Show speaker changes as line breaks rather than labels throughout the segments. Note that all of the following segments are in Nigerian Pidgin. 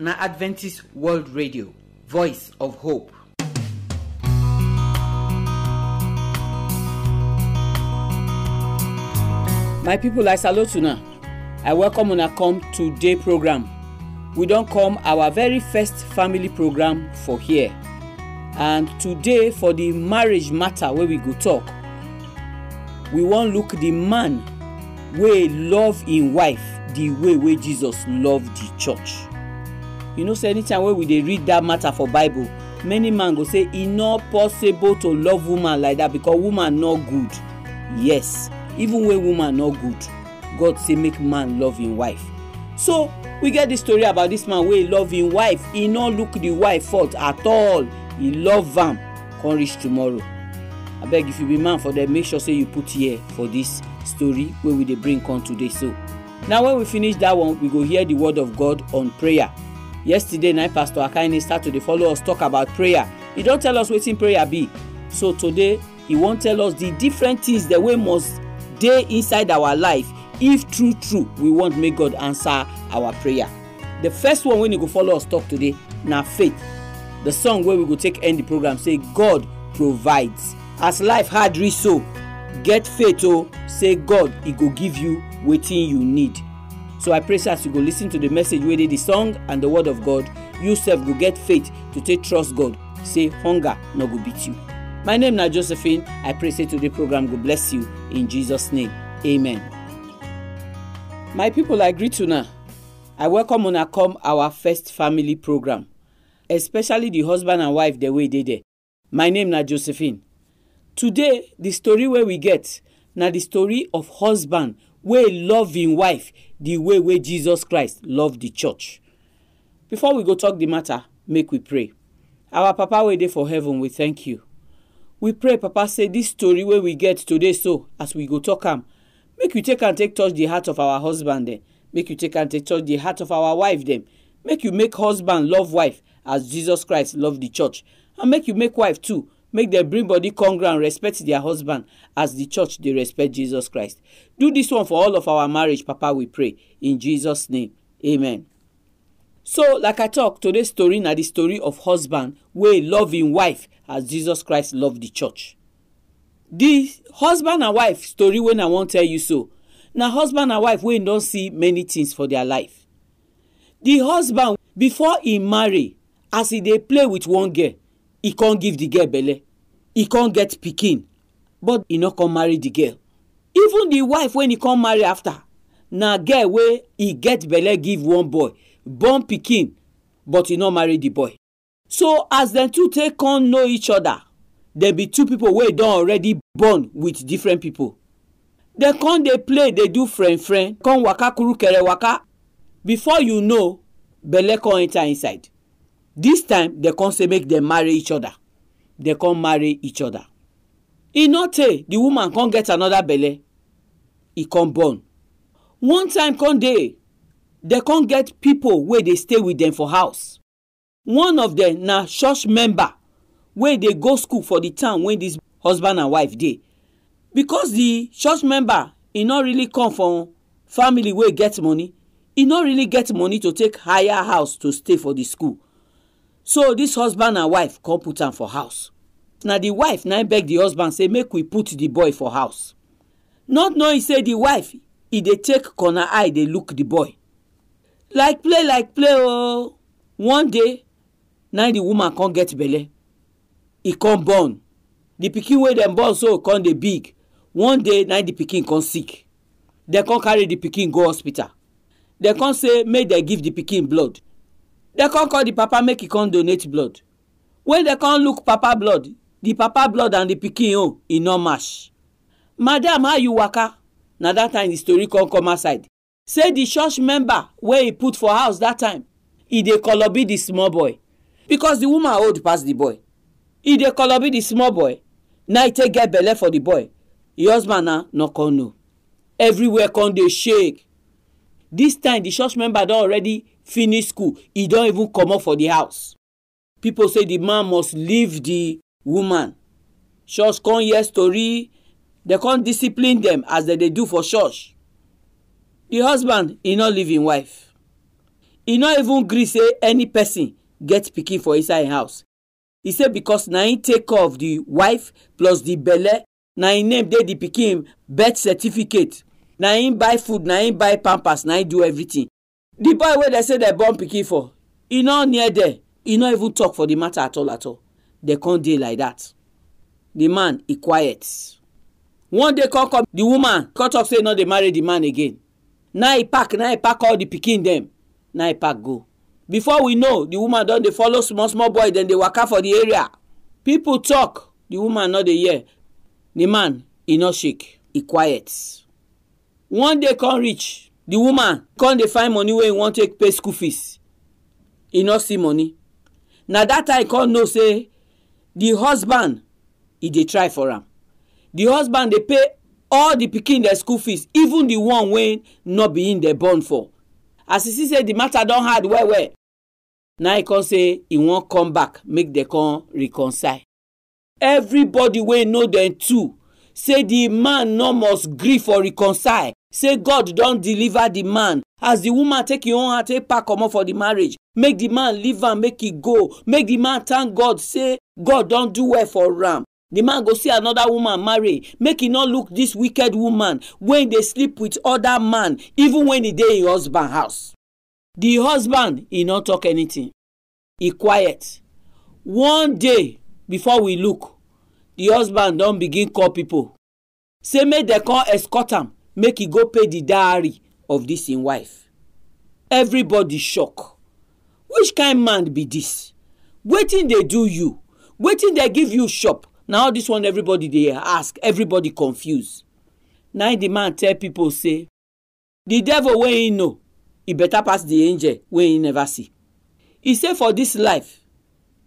na adventist world radio voice of hope. my people i salute una i welcome una come today program we don come our very first family program for here and today for the marriage matter wey we go talk we wan look the man wey love im wife the way wey jesus love the church you know say anytime wey we dey read that matter for bible many man go say e no possible to love woman like that because woman no good yes even when woman no good god say make man love him wife so we get this story about this man wey love him wife e no look the wife fault at all e love am come reach tomorrow abeg if you be man for there make sure say you put ear for this story wey we dey bring come today so now when we finish that one we go hear the word of god on prayer yesterday night pastor akaini start to dey follow us talk about prayer he don tell us wetin prayer be so today he wan tell us the different things dem wey must dey inside our life if true true we want make god answer our prayer the first one wey he go follow us talk today na faith the song wey we go take end the program say god provides as life hard reach so get faith o oh, say god e go give you wetin you need so i pray say as you go lis ten to the message wey dey the song and the word of god you sef go get faith to take trust god say hunger no go beat you my name na josephine i pray say today program go bless you in jesus name amen. my people i greet una i welcome una come our first family program especially the husband and wife dem wey dey there my name na josephine today the story wey we get na the story of husband wey love im wife the way wey jesus christ love the church before we go talk the matter make we pray our papa wey dey for heaven we thank you we pray papa say this story wey we get today so as we go talk am make you take am take touch the heart of our husband dem make you take am take touch the heart of our wife dem make you make husband love wife as jesus christ love the church and make you make wife too make dem bring body come ground respect their husband as the church dey respect jesus christ do this one for all of our marriage papa we pray in jesus name amen. so like i talk today story na the story of husband wey love im wife as jesus christ love the church. the husband and wife story wey i wan tell you so na husband and wife wey don see many things for their life. the husband before he marry as he dey play with one girl e come give the girl belle e come get pikin but e no come marry the girl even the wife wey e come marry after na girl wey e get belle give one boy born pikin but e no marry the boy so as dem two take come know each other dem be two people wey don already born with different people dem come dey play dey do friend friend come waka kuru kere waka before you know belle come enter inside This time dem come say make dem marry each other dem come marry each other e no tey the woman come get another belle e come born one time come dey dem come get people wey dey stay with dem for house one of dem na church member wey dey go school for the town wey this husband and wife dey because the church member e no really come from family wey get money e no really get money to take hire house to stay for the school so this husband and wife come put am for house na the wife na beg the husband say make we put the boy for house not knowing say the wife e dey take corner eye dey look the boy like play like play oh. one day na the woman come get belle e come born The pikin wey dem born so come dey big one day na the pikin come sick dem come carry the pikin go hospital dem come say make dem give the pikin blood dem come call the papa make e come donate blood when dem come look papa blood the papa blood and the pikin own oh, e no match madam how you waka na that time the story come come outside say the church member wey he put for house that time he dey kolobi the small boy because the woman old pass the boy he dey kolobi the small boy na e take get belle for the boy e husband na no come know everywhere come dey shake this time the church member don already finish school He don even comot for the house people say the man must leave the woman church come hear story dem come discipline dem as dem dey do for church the husband he no leave im wife He no even gree say any person get pikin for inside im house He say because na im take care of the wife plus the belle na im name dey the pikin birth certificate na im buy food na im buy pampers na im do everything The boy wey dem say dem born pikin for e no near there. e no even talk for the matter at all at all dem come dey like that. The man e quiet one day come come The woman come talk say e no dey marry the man again na e pack na e pack all the pikin dem na e pack go before we know the woman don dey follow small small boy dem dey waka for the area People talk The woman no dey hear The man e no shake e quiet one day come reach the woman come dey find money wey e wan take pay school fees e no see money na that time e come know say the husband e dey try for am the husband dey pay all the pikin dem school fees even the one wey no be him dey born for as e see say the matter don hard well well na e come say he wan come back make dem come reconcile everybody wey know dem too say the man no must gree for reconcile say god don deliver the man as the woman take im own heart, take pack comot for the marriage make the man leave am make he go make the man thank god say god don do well for am The man go see another woman marry make he no look this wicked woman wey dey sleep with other man even when he dey im husband house the husband he no talk anything He quiet one day before we look the husband don begin call people. say make dem come escort am make he go pay the diary of this im wife everybody shock which kind man be this? wetin dey do you wetin dey give you shop na all dis one everybody dey ask everybody confuse na the man tell people say the devil wey he know e better pass the angel wey he never see He say for this life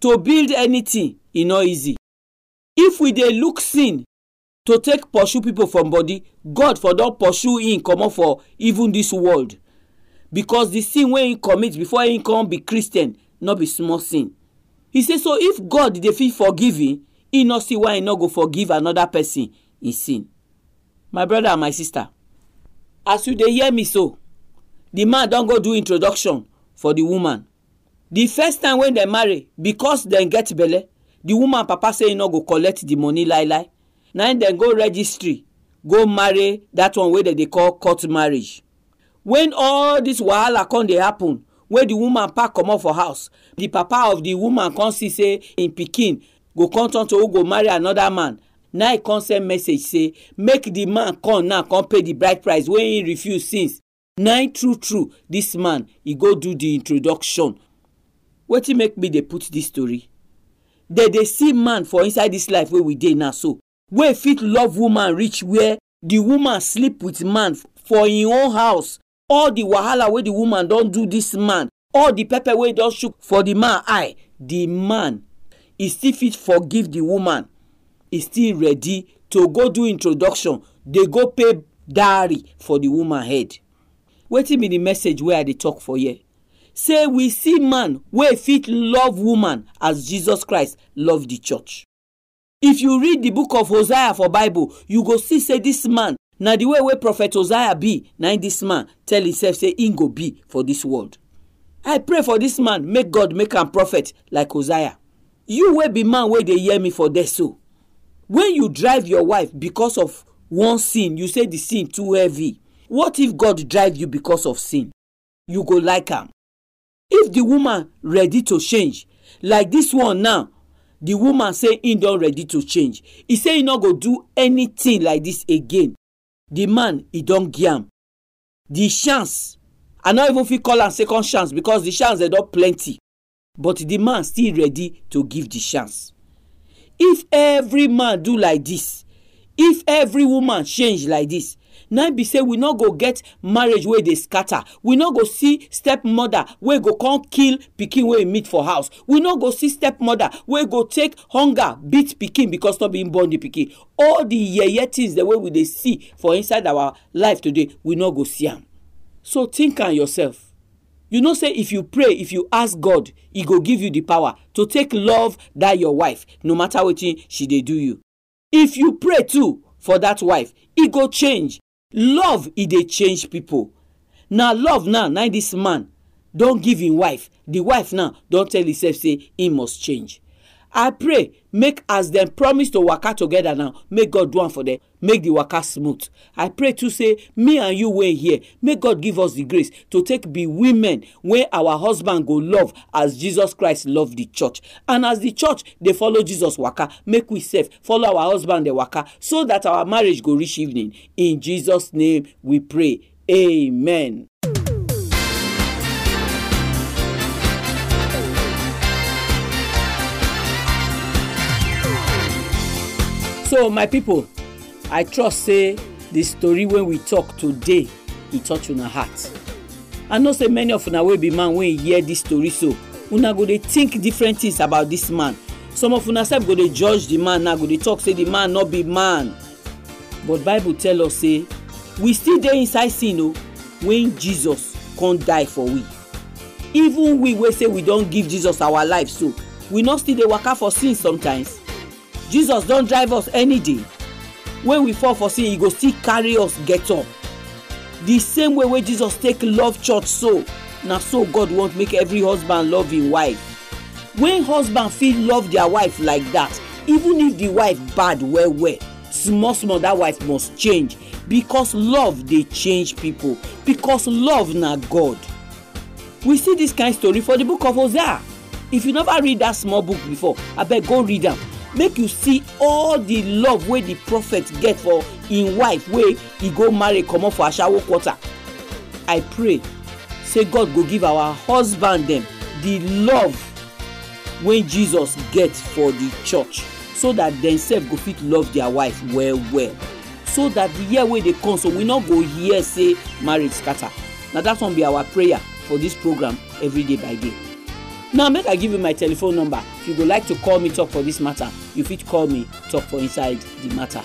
to build anything e no easy if we dey look sin to take pursue people from body god for don pursue him comot for even this world because the sin wey he commit before he come be christian no be small sin he say so if god dey fit forgive him he no see why he no go forgive another person him sin my brother and my sister as you dey hear me so the man don go do introduction for the woman the first time wey dem marry because dem get belle the woman papa say he no go collect the money lie lie na im dem go registry go marry dat one wey dem dey call court marriage wen all dis wahala come dey happen wey di woman pack comot for house di papa of di woman come see say im pikin go come turn to who go marry anoda man na e come send message say make di man come now come pay di bride price wey im refuse since na true true dis man e go do di introduction wetin make me dey put dis story dey dey see man for inside dis life wey we dey now so wey fit love woman reach where the woman sleep with man for im own house all the wahala wey the woman don do this man all the pepper wey don shook for the man eye the man e still fit forgive the woman e still ready to go do introduction dey go pay diary for the woman head wetin be the message wey i dey talk for here say we see man wey fit love woman as jesus christ love the church if you read the book of hosea for bible you go see say this man na the way wey prophet hosea be na this man tell himself say im go be for this world i pray for this man make god make am prophet like hosea you wey be man wey dey hear me for there so when you drive your wife because of one sin you say the sin too heavy what if god drive you because of sin you go like am if the woman ready to change like this one now the woman say "He don ready to change He say he no go do anything like this again the man e don giam the chance i no even fit call am second chance because the chance dey don plenty but the man still ready to give the chance if every man do like this if every woman change like this na be say we no go get marriage wey dey scatter we no go see stepmother wey go come kill pikin wey e meet for house we no go see stepmother wey go take hunger beat pikin because no be born the pikin all the yeye things the way we dey see for inside our life today we no go see am so think am yourself you know say if you pray if you ask god he go give you the power to take love that your wife no matter wetin she dey do you if you pray too for that wife e go change love e dey change people. na love now na this man don give him wife The wife now don tell herself say he must change i pray make as dem promise to waka together now make god do am for dem make the waka smooth i pray too say me and you wey here make god give us the grace to take be women wey our husband go love as jesus christ love the church and as the church dey follow jesus waka make we sef follow our husband dey waka so that our marriage go reach evening in jesus name we pray amen. so my people, i trust say the story wey we talk today e touch una heart i know say many of una wey be man wey hear this story so una go dey think different things about this man some of una sef go dey judge the man now go dey talk say the man no be man but bible tell us say we still dey inside sin o oh, when jesus come die for we even we wey say we don give jesus our life so we no still dey waka for sin sometimes jesus don drive us any day when we fall for sin he go still carry us get up the same way wey jesus take love church so na so god want make every husband love him wife when husband fit love their wife like that even if the wife bad well well small small that wife must change because love dey change people because love na god we see this kind story for the book of hosea if you never read that small book before abeg go read am make you see all the love wey the prophet get for im wife wey he go marry comot for ashawo quarter i pray say god go give our husband dem the love wey jesus get for the church so that dem sef go fit love their wife well well so that the year wey dey come so we no go hear say marriage scatter na that one be our prayer for this program every day by day now make i give you my telephone number if you go like to call me talk for this matter you fit call me talk for inside the matter.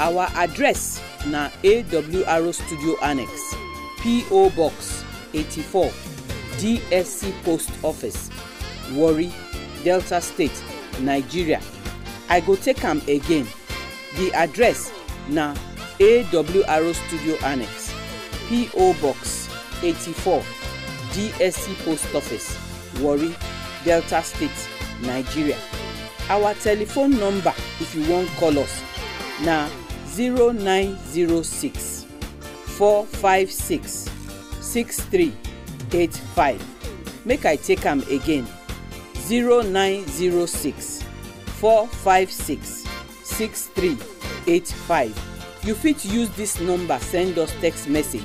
our address na awro studio annex po box 84 dsc post office warri delta state nigeria i go take am again the address na awro studio annex po box 84 DSC Post Office, Warri, Delta State, Nigeria. Our telephone number if you wan call us na 0906 456 6385. Make I take am again 0906 456 6385. You fit use this number send us text message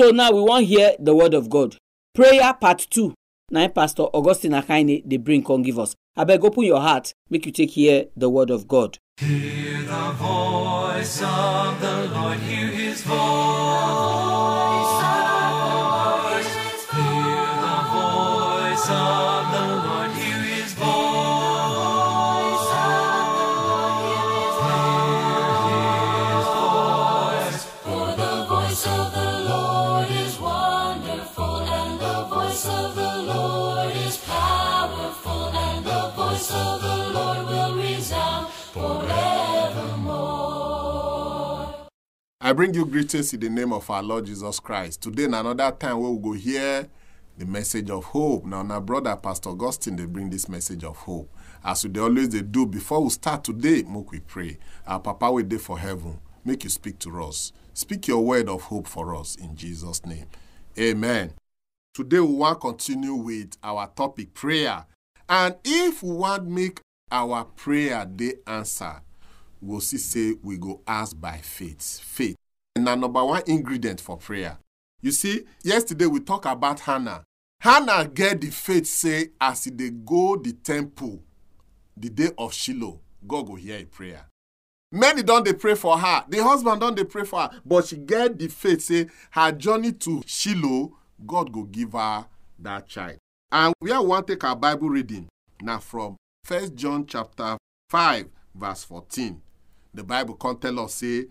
So now we want hear the word of God. Prayer part two. Now, Pastor Augustine Akaine, they bring con give us. I beg open your heart, make you take here the word of God.
Hear the voice of the Lord, hear his voice.
I bring you greetings in the name of our Lord Jesus Christ. Today, and another time, we will go hear the message of hope. Now, my brother, Pastor Augustine, they bring this message of hope. As they always they do, before we start today, make we pray. Our Papa, we day for heaven. Make you speak to us. Speak your word of hope for us in Jesus' name. Amen. Today, we want to continue with our topic, prayer. And if we want make our prayer, they answer, we'll see say we go ask by faith. Faith na number one ingredient for prayer. You see, yesterday we talk about Hannah. Hannah get the faith say as they go the temple the day of Shiloh, God go hear a prayer. Many don't they pray for her. The husband don't they pray for her. But she get the faith say her journey to Shiloh, God go give her that child. And we are want take our Bible reading now from First John chapter 5 verse 14. The Bible can tell us say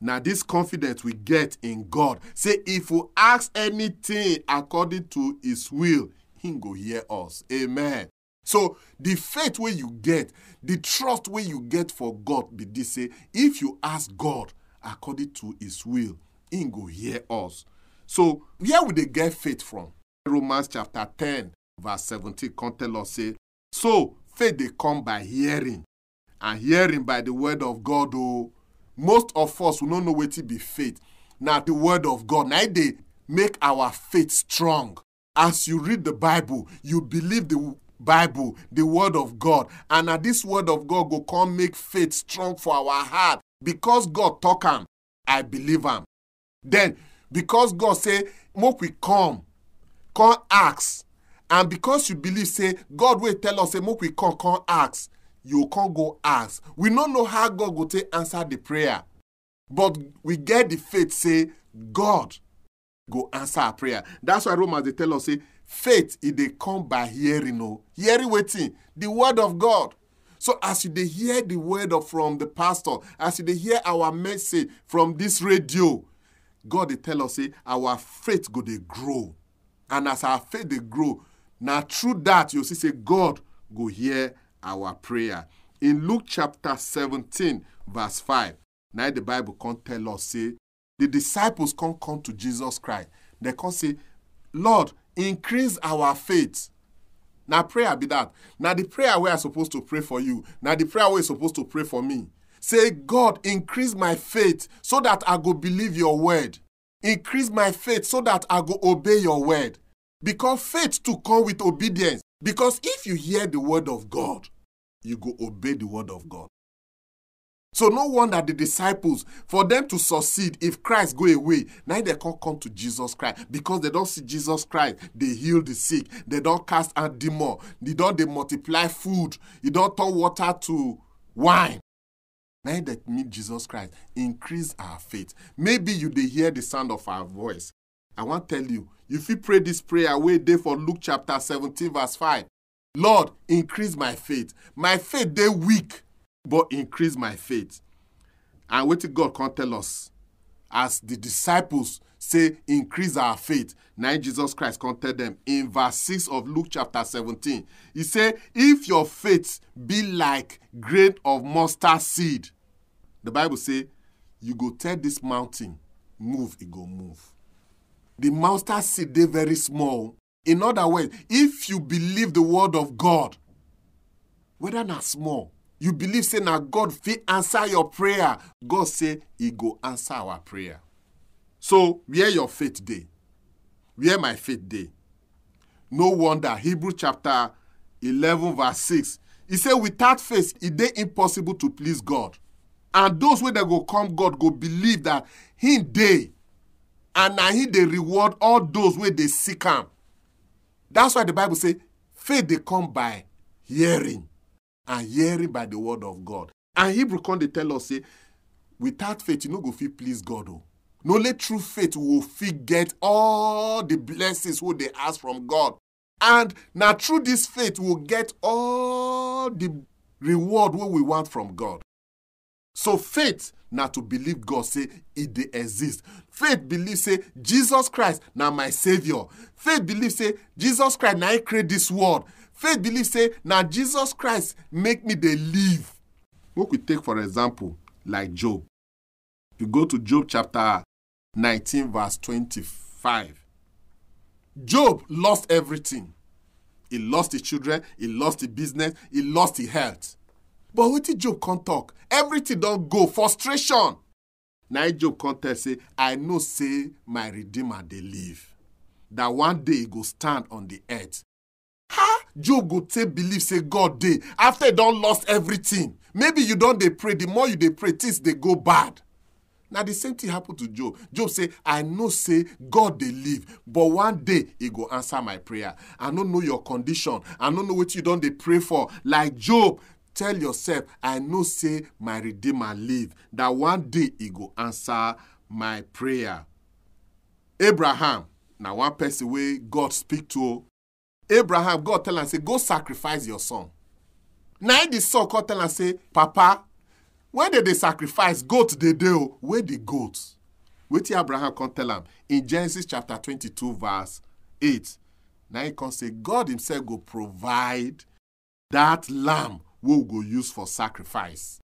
now, this confidence we get in God. Say, if we ask anything according to His will, He go hear us. Amen. So, the faith where you get, the trust where you get for God, be this say, if you ask God according to His will, He go hear us. So, where would they get faith from? Romans chapter 10, verse 17, can tell us, say, So, faith they come by hearing, and hearing by the word of God, oh most of us will not know to be faith Now the word of god na it make our faith strong as you read the bible you believe the bible the word of god and at this word of god go come make faith strong for our heart because god talk him, i believe am then because god say move we come come ask and because you believe say god will tell us a move we come come ask you can't go ask. We don't know how God will take answer the prayer, but we get the faith say God go answer our prayer. That's why Romans they tell us say faith If they come by hearing, no oh. hearing waiting the word of God. So as you they hear the word of from the pastor, as you they hear our message from this radio, God they tell us say our faith go they grow, and as our faith they grow, now through that you see say God go hear our prayer. In Luke chapter 17, verse 5, now the Bible can't tell us, say, the disciples can't come to Jesus Christ. They can't say, Lord, increase our faith. Now prayer be that. Now the prayer we are supposed to pray for you. Now the prayer we are supposed to pray for me. Say, God, increase my faith so that I go believe your word. Increase my faith so that I go obey your word. Because faith to come with obedience. Because if you hear the word of God, you go obey the word of God. So no wonder the disciples, for them to succeed, if Christ go away, now they can't come to Jesus Christ because they don't see Jesus Christ. They heal the sick. They don't cast out demon. They don't they multiply food. They don't turn water to wine. Now that meet Jesus Christ, increase our faith. Maybe you they hear the sound of our voice. I want to tell you, If you pray this prayer away day for Luke chapter 17, verse 5. Lord, increase my faith. My faith they weak, but increase my faith. And wait. God can tell us, as the disciples say, increase our faith. Now Jesus Christ can tell them in verse 6 of Luke chapter 17. He said, If your faith be like grain of mustard seed, the Bible say, you go tell this mountain, move, it go move the mustard seed they very small. In other words, if you believe the word of God, whether not small, you believe say now God fit answer your prayer, God say he go answer our prayer. So where your faith day? Where my faith day? No wonder Hebrew chapter 11 verse 6. He said without faith it they impossible to please God. And those where they go come God go believe that in day and I hear they reward all those where they seek am that's why the bible say faith they come by hearing and hearing by the word of god and hebrew come they tell us say without faith you no go feel please god oh no let true faith will forget get all the blessings who they ask from god and now through this faith we will get all the reward wey we want from god so faith na to believe God say it dey exist. Faith believe say Jesus Christ na my saviour. Faith believe say Jesus Christ na im create this world. Faith believe say na Jesus Christ make me dey live. Make we take for example like Job. You go to Job chapter 19 verse 25. Job lost everything. He lost his children, he lost his business, he lost his health but did job come talk everything not go frustration Now job come tell say i know say my redeemer they live that one day he go stand on the earth how job go take believe say god day. after he not lost everything maybe you don't they pray the more you they pray things they go bad Now the same thing happen to job job say i know say god they live but one day he go answer my prayer i don't know your condition i don't know what you don't they pray for like job tell yourself i know say my redeemer live that one day he go answer my prayer abraham na one person wey god speak to abraham god tell am say go sacrifice your son na him the son come tell am say papa when they dey sacrifice goat dey dey o where the goat wetin abraham come tell am in genesis chapter twenty-two verse eight na him come say god himself go provide that lamb wey we go use for sacrifice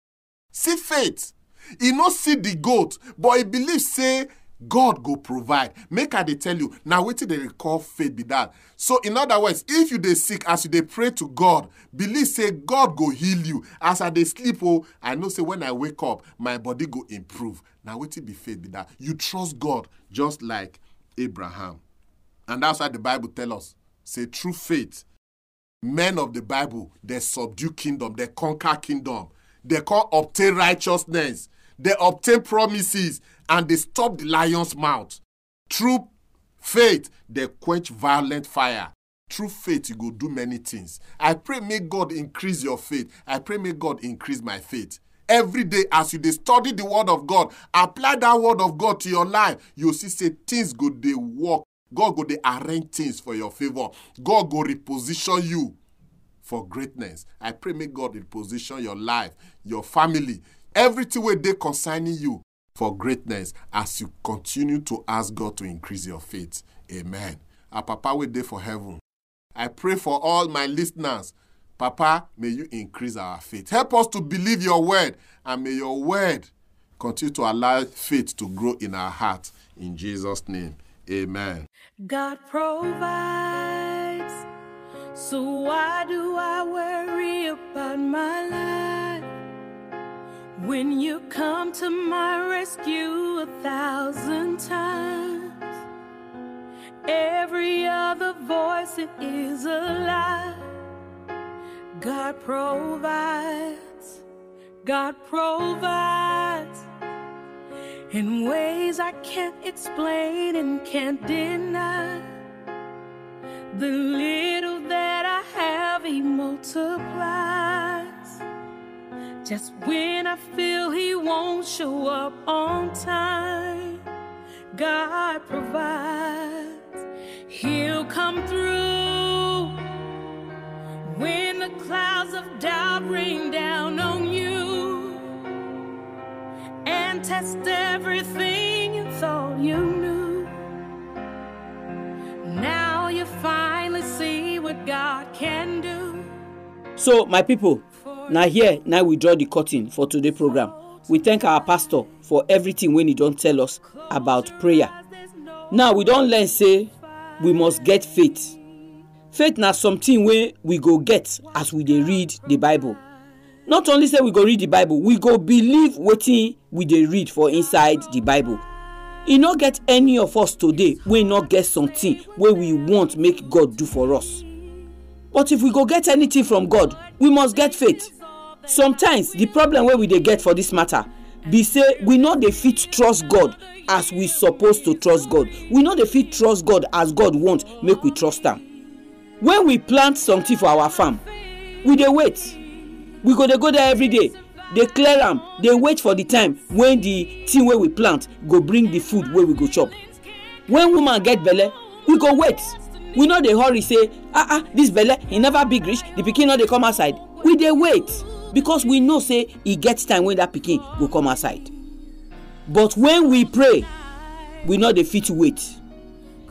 see faith He no see the goat but he believe say god go provide make i tell you Now, wait till they call faith be that so in other words if you they sick as you they pray to god believe say god go heal you as i they sleep oh, I know say when i wake up my body go improve Now, wait till be faith be that you trust god just like abraham and that's why the bible tell us say true faith men of the Bible, they subdue kingdom, they conquer kingdom. They call obtain righteousness. They obtain promises and they stop the lion's mouth. Through faith, they quench violent fire. Through faith, you go do many things. I pray, may God increase your faith. I pray, may God increase my faith. Every day, as you study the word of God, apply that word of God to your life. You see, say things go they work God go dey arrange things for your favor. God go reposition you for greatness. I pray make God reposition your life, your family, everything where they concerning you for greatness as you continue to ask God to increase your faith. Amen. Our Papa we day for heaven. I pray for all my listeners. Papa, may you increase our faith. Help us to believe your word and may your word continue to allow faith to grow in our heart. In Jesus' name. Amen.
God provides, so why do I worry about my life? When you come to my rescue a thousand times, every other voice it is a lie. God provides, God provides in ways I can't explain and can't deny. The little that I have, He multiplies. Just when I feel He won't show up on time, God provides. He'll come through when the clouds of doubt rain down on test everything you thought you knew. Now you finally see what God can do.
So, my people, now here, now we draw the curtain for today's program. We thank our pastor for everything when he don't tell us about prayer. Now we don't learn say we must get faith. Faith now something where we go get as we they read the bible. not only say we go read the bible we go believe wetin we dey read for inside the bible e no get any of us today wey no get something wey we want make god do for us but if we go get anything from god we must get faith sometimes the problem wey we dey get for this matter be say we no dey fit trust god as we suppose to trust god we no dey fit trust god as god want make we trust am when we plant something for our farm we dey wait we go dey go there every day dey clear am dey wait for the time when the thing wey we plant go bring the food wey we go chop when woman get belle we go wait we no dey hurry say ah ah this belle e never big reach the pikin no dey come outside we dey wait because we know say e get time when that pikin go come outside but when we pray we no dey fit wait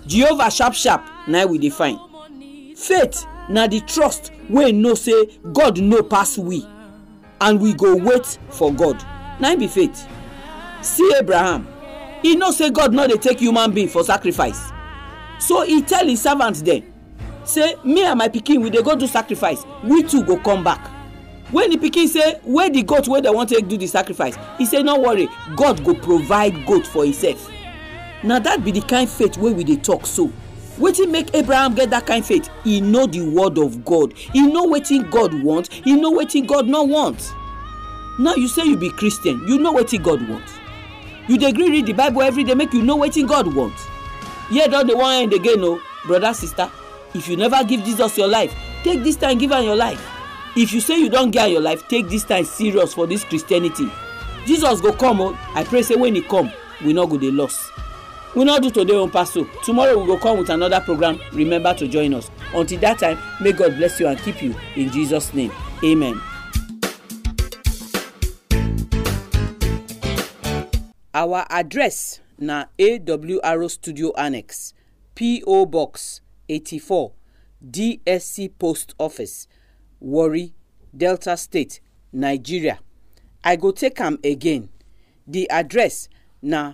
jehovah sharp sharp na we dey find faith na the trust wey know say god know pass we and we go wait for god na im be faith see abraham he know say god no dey take human being for sacrifice so he tell his servant dem say me and my pikin we dey go do sacrifice we too go come back when the pikin say where the goat wey dem wan take do the sacrifice he say no worry god go provide goat for himself na that be the kind faith wey we dey talk so wetin make abraham get that kind faith He know the word of god He know wetin god want He know wetin god no want now you say you be christian you know wetin god want you dey gree read the bible every day make you know wetin god want here don dey one end again o oh, brother, sister if you never give jesus your life take this time give am your life if you say you don get your life take this time serious for this christianity jesus go come o oh. i pray say when he come we no go dey lost we no do today own pastor tomorrow we go come with another program remember to join us until that time may god bless you and keep you in jesus name amen. our address na awro studio annex po box eighty-four dsc post office warri delta state nigeria i go take am again the address na